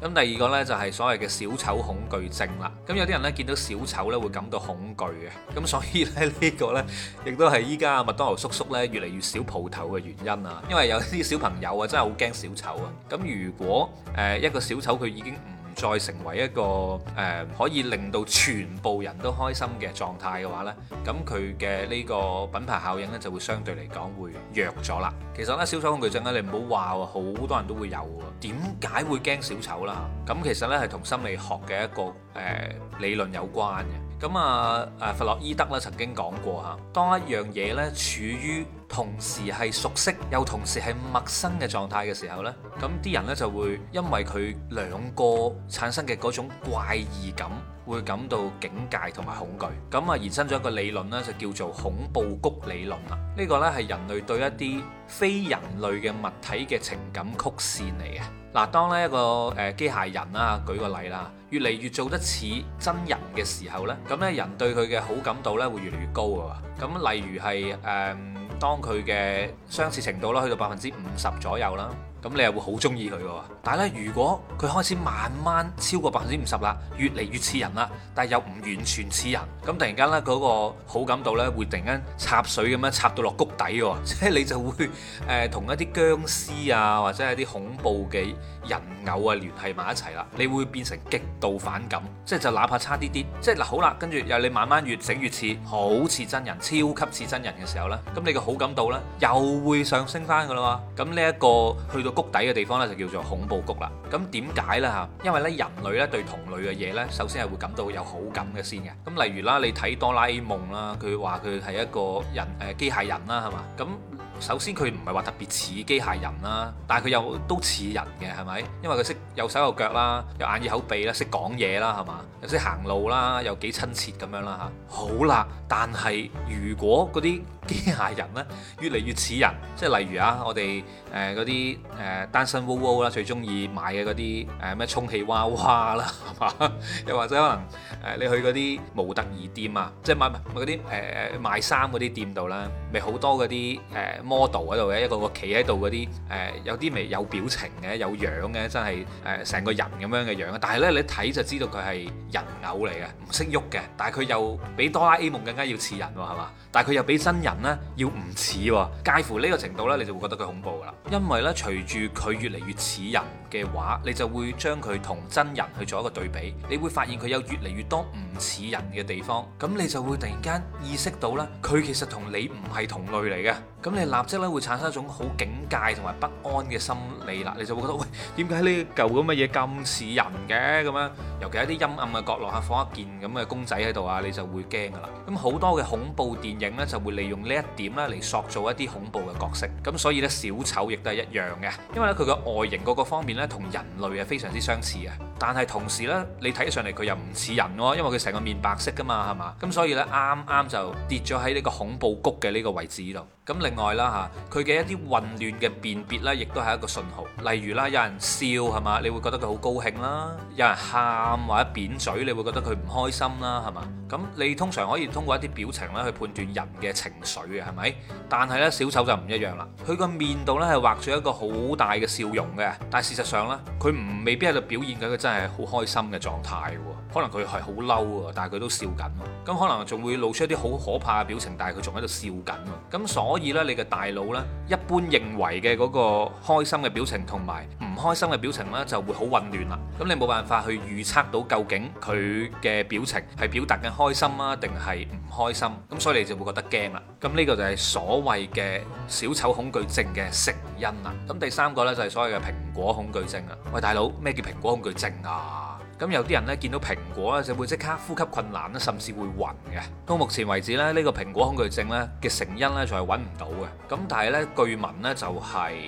咁第二個呢，就係、是、所謂嘅小丑恐懼症啦。咁有啲人呢，見到小丑呢，會感到恐懼嘅，咁所以呢，呢、這個呢，亦都係依家麥當勞叔叔呢，越嚟越少鋪頭嘅原因啊。因為有啲小朋友啊真係好驚小丑啊。咁如果誒、呃、一個小丑佢已經唔再成為一個誒、呃、可以令到全部人都開心嘅狀態嘅話呢，咁佢嘅呢個品牌效應呢就會相對嚟講會弱咗啦。其實呢，小丑恐懼症咧，你唔好話好多人都會有喎。點解會驚小丑啦？咁其實呢，係同心理學嘅一個誒、呃、理論有關嘅。咁啊，誒弗洛伊德咧曾經講過嚇，當一樣嘢呢處於同時係熟悉又同時係陌生嘅狀態嘅時候呢，咁啲人呢就會因為佢兩個產生嘅嗰種怪異感。會感到警戒同埋恐懼，咁啊延伸咗一個理論咧，就叫做恐怖谷理論啦。呢個咧係人類對一啲非人類嘅物體嘅情感曲線嚟嘅。嗱，當咧一個誒機械人啦，舉個例啦，越嚟越做得似真人嘅時候咧，咁咧人對佢嘅好感度咧會越嚟越高嘅。咁例如係誒、嗯，當佢嘅相似程度啦，去到百分之五十左右啦。咁你又會好中意佢喎，但係呢，如果佢開始慢慢超過百分之五十啦，越嚟越似人啦，但係又唔完全似人，咁突然間呢，嗰、那個好感度呢會突然間插水咁樣插到落谷底喎，即係你就會誒同、呃、一啲僵屍啊或者係啲恐怖嘅人偶啊聯繫埋一齊啦，你會變成極度反感，即係就哪怕差啲啲，即係嗱好啦，跟住又你慢慢越整越似，好似真人，超級似真人嘅時候呢，咁你嘅好感度呢又會上升返㗎啦嘛，咁呢一個去到。谷底嘅地方咧就叫做恐怖谷啦。咁點解呢？吓，因為咧人類咧對同類嘅嘢呢，首先係會感到有好感嘅先嘅。咁例如啦，你睇哆啦 A 夢啦，佢話佢係一個人，誒，機械人啦，係嘛？咁首先佢唔係話特別似機械人啦，但係佢又都似人嘅係咪？因為佢識有手有腳啦，又眼耳口鼻啦，識講嘢啦係嘛，又識行路啦，又幾親切咁樣啦吓，好啦，但係如果嗰啲機械人呢，越嚟越似人，即係例如啊，我哋誒嗰啲誒單身 wo wo 啦，最中意買嘅嗰啲誒咩充氣娃娃啦，係、呃、嘛？又或者可能誒、呃、你去嗰啲模特兒店啊，即係、呃呃、買啲誒賣衫嗰啲店度啦，咪好多嗰啲誒。呃 model 喺度嘅一個個企喺度嗰啲，誒、呃、有啲咪有表情嘅，有樣嘅，真係誒成個人咁樣嘅樣。但係呢，你睇就知道佢係人偶嚟嘅，唔識喐嘅。但係佢又比哆啦 A 夢更加要似人喎，係嘛？但係佢又比真人呢要唔似，介乎呢個程度呢，你就會覺得佢恐怖㗎啦。因為呢，隨住佢越嚟越似人嘅話，你就會將佢同真人去做一個對比，你會發現佢有越嚟越多唔似人嘅地方，咁你就會突然間意識到啦，佢其實同你唔係同類嚟嘅，咁你立即咧會產生一種好警戒同埋不安嘅心理啦，你就會覺得喂，點解呢舊咁嘅嘢咁似人嘅咁樣？尤其一啲陰暗嘅角落下放一件咁嘅公仔喺度啊，你就會驚噶啦。咁好多嘅恐怖電影咧就會利用呢一點咧嚟塑造一啲恐怖嘅角色，咁所以咧小丑亦都係一樣嘅，因為咧佢嘅外形各個方面。同人類啊非常之相似啊，但係同時咧，你睇上嚟佢又唔似人喎，因為佢成個面白色㗎嘛，係嘛？咁所以呢，啱啱就跌咗喺呢個恐怖谷嘅呢個位置度。咁另外啦吓，佢嘅一啲混亂嘅辨別呢，亦都係一個信號。例如啦，有人笑係嘛，你會覺得佢好高興啦；有人喊或者扁嘴，你會覺得佢唔開心啦，係嘛？咁你通常可以通過一啲表情咧去判斷人嘅情緒嘅，係咪？但係呢，小丑就唔一樣啦，佢個面度呢，係畫咗一個好大嘅笑容嘅，但事實。上咧，佢唔未必喺度表現緊，佢真係好開心嘅狀態喎。可能佢係好嬲啊，但係佢都笑緊。咁可能仲會露出一啲好可怕嘅表情，但係佢仲喺度笑緊。咁所以呢，你嘅大腦呢，一般認為嘅嗰個開心嘅表情同埋唔開心嘅表情呢，就會好混亂啦。咁你冇辦法去預測到究竟佢嘅表情係表達緊開心啊，定係唔開心咁，所以你就會覺得驚啦。咁呢個就係所謂嘅小丑恐懼症嘅成因啦。咁第三個呢，就係所謂嘅平果恐懼症啊！喂，大佬，咩叫蘋果恐懼症啊？咁有啲人呢，見到蘋果呢，就會即刻呼吸困難咧，甚至會暈嘅。到目前為止呢，呢個蘋果恐懼症呢嘅成因呢，仲係揾唔到嘅。咁但係呢，據聞呢，就係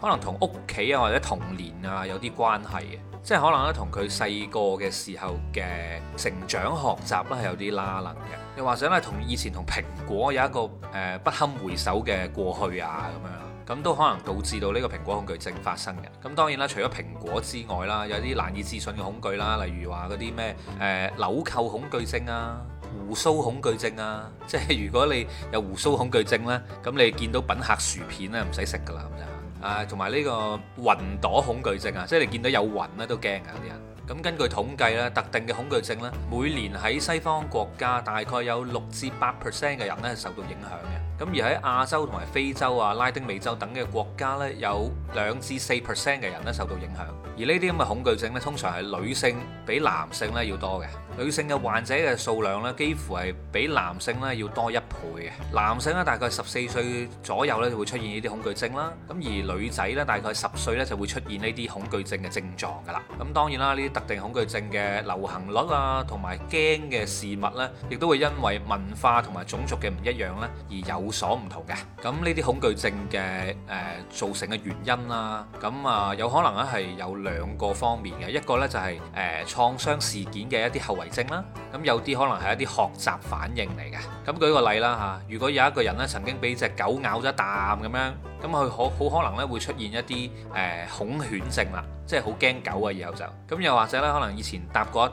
可能同屋企啊或者童年啊有啲關係嘅，即係可能咧同佢細個嘅時候嘅成長學習咧係有啲拉能嘅。又或者呢，同以前同蘋果有一個誒、呃、不堪回首嘅過去啊咁樣。咁都可能導致到呢個蘋果恐懼症發生嘅。咁當然啦，除咗蘋果之外啦，有啲難以置信嘅恐懼啦，例如話嗰啲咩誒紐扣恐懼症啊、鬍鬚恐懼症啊，即係如果你有鬍鬚恐懼症呢，咁你見到品客薯片咧，唔使食㗎啦，咁就啊，同埋呢個雲朵恐懼症啊，即係你見到有雲咧都驚嘅嗰啲人。咁根據統計咧，特定嘅恐懼症咧，每年喺西方國家大概有六至八 percent 嘅人咧受到影響嘅。咁而喺亞洲同埋非洲啊、拉丁美洲等嘅國家咧，有兩至四 percent 嘅人咧受到影響。而呢啲咁嘅恐懼症咧，通常係女性比男性咧要多嘅。女性嘅患者嘅數量咧，幾乎係比男性咧要多一倍嘅。男性咧大概十四歲左右咧就會出現呢啲恐懼症啦。咁而女仔咧大概十歲咧就會出現呢啲恐懼症嘅症狀噶啦。咁當然啦，呢啲定恐懼症嘅流行率啊，同埋驚嘅事物呢，亦都會因為文化同埋種族嘅唔一樣呢，而有所唔同嘅。咁呢啲恐懼症嘅誒、呃、造成嘅原因啦，咁啊、呃、有可能咧係有兩個方面嘅，一個呢，就係誒創傷事件嘅一啲後遺症啦。咁有啲可能係一啲學習反應嚟嘅，咁舉個例啦嚇，如果有一個人咧曾經俾隻狗咬咗一啖咁樣，咁佢好好可能咧會出現一啲誒、呃、恐犬症啦，即係好驚狗啊，以後就咁又或者咧可能以前搭過一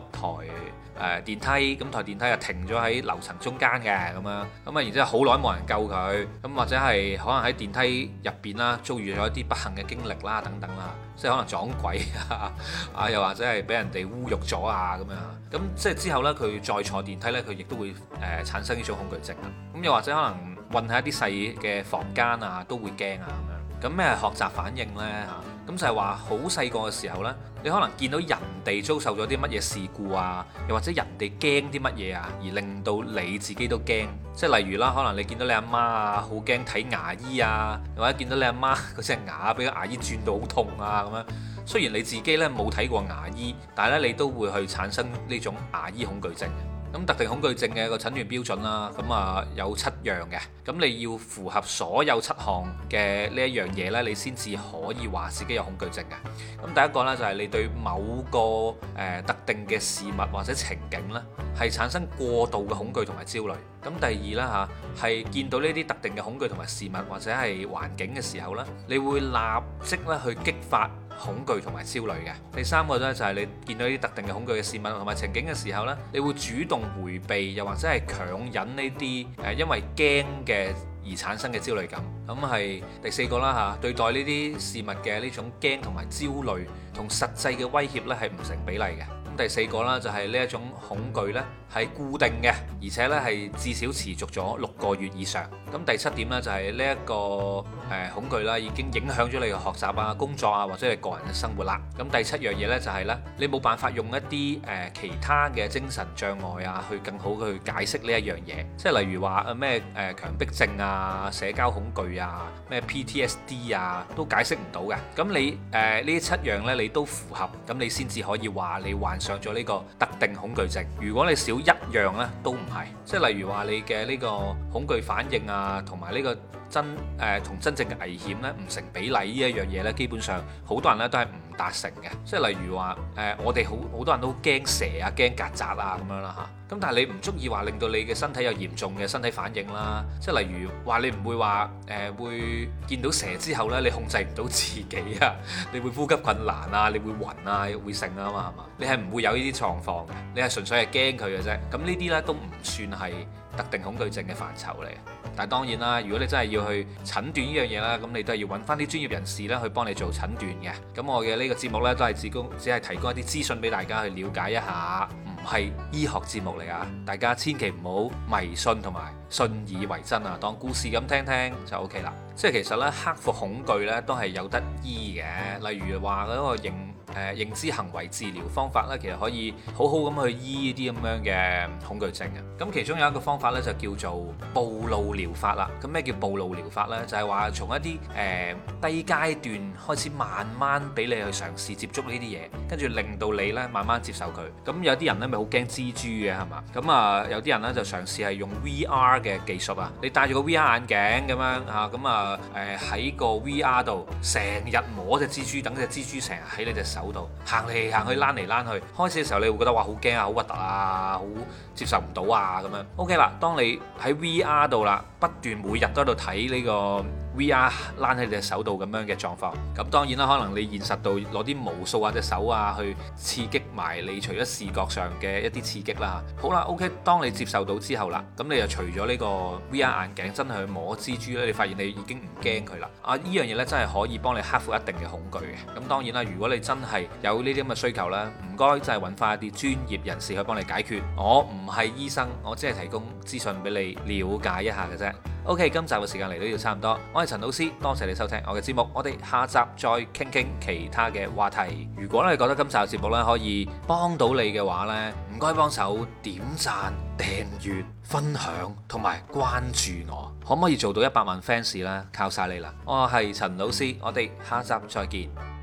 台。誒 電梯咁台電梯啊停咗喺樓層中間嘅咁樣，咁啊然之後好耐冇人救佢，咁或者係可能喺電梯入邊啦遭遇咗一啲不幸嘅經歷啦等等啦，即係可能撞鬼啊，啊又或者係俾人哋侮辱咗啊咁樣，咁即係之後呢，佢再坐電梯呢，佢亦都會誒、呃、產生呢種恐懼症啊，咁又或者可能困喺一啲細嘅房間啊都會驚啊咁樣，咁咩係學習反應呢？啊？咁就係話好細個嘅時候呢，你可能見到人哋遭受咗啲乜嘢事故啊，又或者人哋驚啲乜嘢啊，而令到你自己都驚。即係例如啦，可能你見到你阿媽啊，好驚睇牙醫啊，又或者見到你阿媽嗰隻牙俾個牙醫轉到好痛啊咁樣。雖然你自己呢冇睇過牙醫，但係呢，你都會去產生呢種牙醫恐懼症。咁特定恐懼症嘅一個診斷標準啦，咁啊有七樣嘅，咁你要符合所有七項嘅呢一樣嘢呢，你先至可以話自己有恐懼症嘅。咁第一個呢就係你對某個誒特定嘅事物或者情景呢，係產生過度嘅恐懼同埋焦慮。咁第二呢嚇係見到呢啲特定嘅恐懼同埋事物或者係環境嘅時候呢，你會立即呢去激發恐懼同埋焦慮嘅。第三個咧就係你見到啲特定嘅恐懼嘅事物同埋情景嘅時候呢，你會主動迴避又或者係強忍呢啲誒因為驚嘅而產生嘅焦慮感。咁、嗯、係第四個啦嚇、啊，對待呢啲事物嘅呢種驚同埋焦慮同實際嘅威脅呢係唔成比例嘅。咁、嗯、第四個啦就係呢一種恐懼呢係固定嘅，而且呢係至少持續咗六個月以上。咁第七點咧就係呢一個誒恐懼啦，已經影響咗你嘅學習啊、工作啊或者你個人嘅生活啦。咁第七樣嘢咧就係咧，你冇辦法用一啲誒其他嘅精神障礙啊，去更好去解釋呢一樣嘢，即係例如話啊咩誒強迫症啊、社交恐懼啊、咩 PTSD 啊都解釋唔到嘅。咁你誒呢七樣咧你都符合，咁你先至可以話你患上咗呢個特定恐懼症。如果你少一樣咧都唔係，即係例如話你嘅呢個恐懼反應啊。啊，同埋呢個真誒同、呃、真正嘅危險咧，唔成比例呢一樣嘢咧，基本上好多人呢都係唔達成嘅。即係例如話誒，我哋好好多人都驚、呃、蛇啊、驚曱甴啊咁樣啦嚇。咁但係你唔足以話令到你嘅身體有嚴重嘅身體反應啦。即係例如話你唔會話誒、呃、會見到蛇之後呢，你控制唔到自己啊， 你會呼吸困難啊，你會暈啊，會剩啊嘛係嘛？你係唔會有呢啲狀況嘅，你係純粹係驚佢嘅啫。咁呢啲呢都唔算係特定恐懼症嘅範疇嚟。但係當然啦，如果你真係要去診斷呢樣嘢啦，咁你都係要揾翻啲專業人士呢去幫你做診斷嘅。咁我嘅呢個節目呢，都係只供只係提供一啲資訊俾大家去了解一下，唔係醫學節目嚟啊！大家千祈唔好迷信同埋信以為真啊，當故事咁聽聽就 OK 啦。即係其實呢，克服恐懼呢，都係有得醫嘅。例如話嗰個認誒、呃、認知行為治療方法呢，其實可以好好咁去醫呢啲咁樣嘅恐懼症嘅。咁其中有一個方法呢，就叫做暴露療療法啦，咁咩叫暴露療法呢？就係話從一啲誒、呃、低階段開始，慢慢俾你去嘗試接觸呢啲嘢，跟住令到你呢慢慢接受佢。咁有啲人呢咪好驚蜘蛛嘅係嘛？咁啊有啲人呢就嘗試係用 VR 嘅技術啊，你戴住個 VR 眼鏡咁樣啊，咁啊誒喺個 VR 度成日摸隻蜘蛛，等隻蜘蛛成日喺你隻手度行嚟行去躝嚟躝去。開始嘅時候你會覺得哇好驚啊，好核突啊，好接受唔到啊咁樣。OK 啦，當你喺 VR 度啦。不斷每日都喺度睇呢個。VR 攬喺你隻手度咁樣嘅狀況，咁當然啦，可能你現實度攞啲毛素啊隻手啊去刺激埋你，除咗視覺上嘅一啲刺激啦。好啦，OK，當你接受到之後啦，咁你又除咗呢個 VR 眼鏡真係去摸蜘蛛咧，你發現你已經唔驚佢啦。啊，呢樣嘢咧真係可以幫你克服一定嘅恐懼嘅。咁當然啦，如果你真係有呢啲咁嘅需求啦，唔該真係揾翻一啲專業人士去幫你解決。我唔係醫生，我只係提供資訊俾你了解一下嘅啫。O.K. 今集嘅時間嚟到要差唔多，我係陳老師，多謝你收聽我嘅節目，我哋下集再傾傾其他嘅話題。如果你覺得今集嘅節目呢可以幫到你嘅話呢，唔該幫手點讚、訂閱、分享同埋關注我，可唔可以做到一百萬 fans 呢？靠晒你啦！我係陳老師，我哋下集再見。